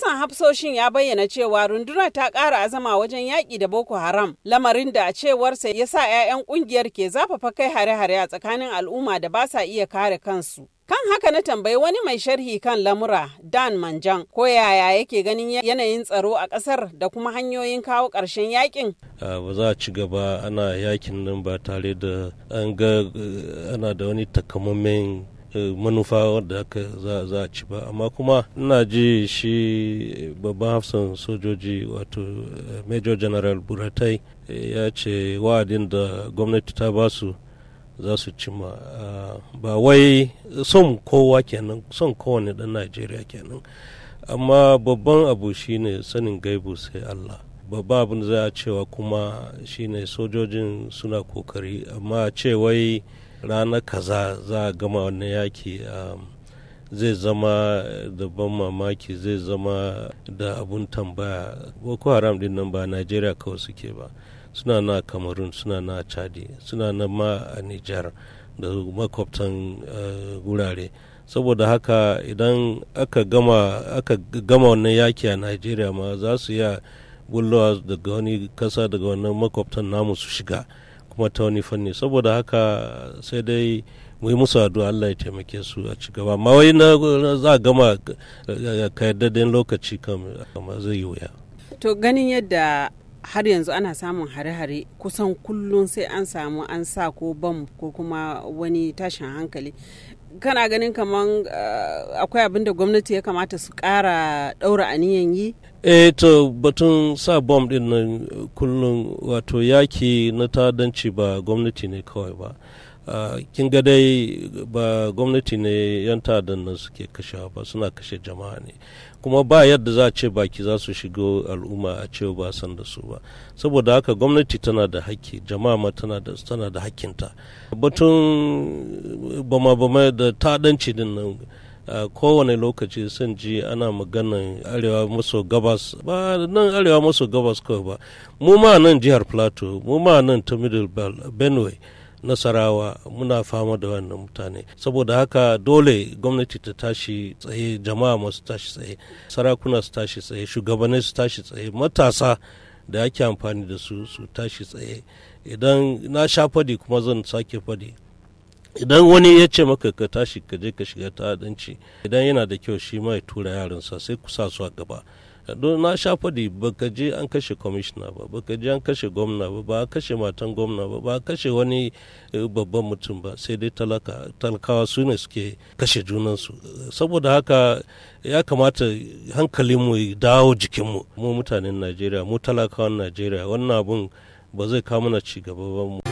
Ministan hafsoshin ya bayyana cewa runduna ta ƙara azama wajen yaƙi da Boko Haram, lamarin da a cewarsa ya sa 'ya'yan ƙungiyar ke zafafa kai hare-hare a tsakanin al'umma da ba sa iya kare kansu. Kan haka na tambayi wani mai sharhi kan lamura Dan Manjan ko yaya yake ganin yanayin tsaro a ƙasar da kuma hanyoyin kawo ƙarshen yakin. Ba za a ci gaba ana yakin nan ba tare da an ga eh, ana da wani takamammen manufa wadda aka za a ci ba amma kuma ina ji shi babban hafsan sojoji wato eh, major general buratai eh, ya ce wa'adin da gwamnati ta basu za su cima ah, ba wai son kowa kenan son kowane dan najeriya kenan amma babban abu shine sanin gaibu sai allah babba abin za a cewa kuma shine sojojin suna kokari amma ce wai ranar kaza za a gama wannan yaki um, zai zama da ban mamaki zai zama da abun tambaya boko haram din nan ba najeriya kawai suke ba suna na cameroon suna na chadi suna na ma a nijar da makwabtan uh, wurare saboda haka idan aka gama aka gama wannan yaki a najeriya ma za su iya bullowa daga wani kasa daga wannan makwabtan namu su shiga kuma ta wani fanni saboda haka sai dai mu yi musu addu'a Allah ya taimake su a ci gaba amma wai na za gama eh, ka yarda lokaci kamar zai yi wuya to ganin yadda har yanzu ana samun hare-hare kusan kullum sai an samu an sa ko bam ko kuma wani tashin hankali kana ganin kamar eh, akwai abin da gwamnati ya kamata su ƙara ɗaura aniyan yi? eh to batun sa bom din nan kullum wato yaki na tadanci ba gwamnati ne kawai ba Ah, kin ga dai ba gwamnati ne yan ta'addan nan suke kashewa ba suna kashe jama'a ne kuma ba yadda za a ce baki za su shigo al'umma a ce ba san da su ba saboda haka gwamnati tana da haƙƙi jama'a ma tana da tana da hakkinta batun bama bama da ta'addanci din nan a ah, kowane lokaci sun ji ana magana arewa maso gabas ba nan arewa maso gabas kawai ba mu ma nan jihar plateau mu ma nan ta middle benue nasarawa muna fama da wannan mutane saboda haka dole gwamnati ta tashi tsaye jama'a masu tashi tsaye sarakuna su tashi tsaye shugabannin su tashi tsaye matasa da ake amfani da su su tashi tsaye idan na sha fadi kuma zan sake fadi idan wani ya ce maka ka tashi ka je ka shiga ta'adanci idan yana da kyau shi ma ya tura yaransa sai kusa su a gaba na sha faɗi baka je an kashe kwamishina ba baka je an kashe gwamna ba ba kashe matan gwamna ba ba kashe wani eh, babban mutum ba sai dai talakawa su ne suke kashe junansu saboda haka ya kamata hankalinmu ya dawo jikinmu mu mutanen najeriya mu talakawan najeriya wannan abun ba zai kawo mana ci gaba ba mu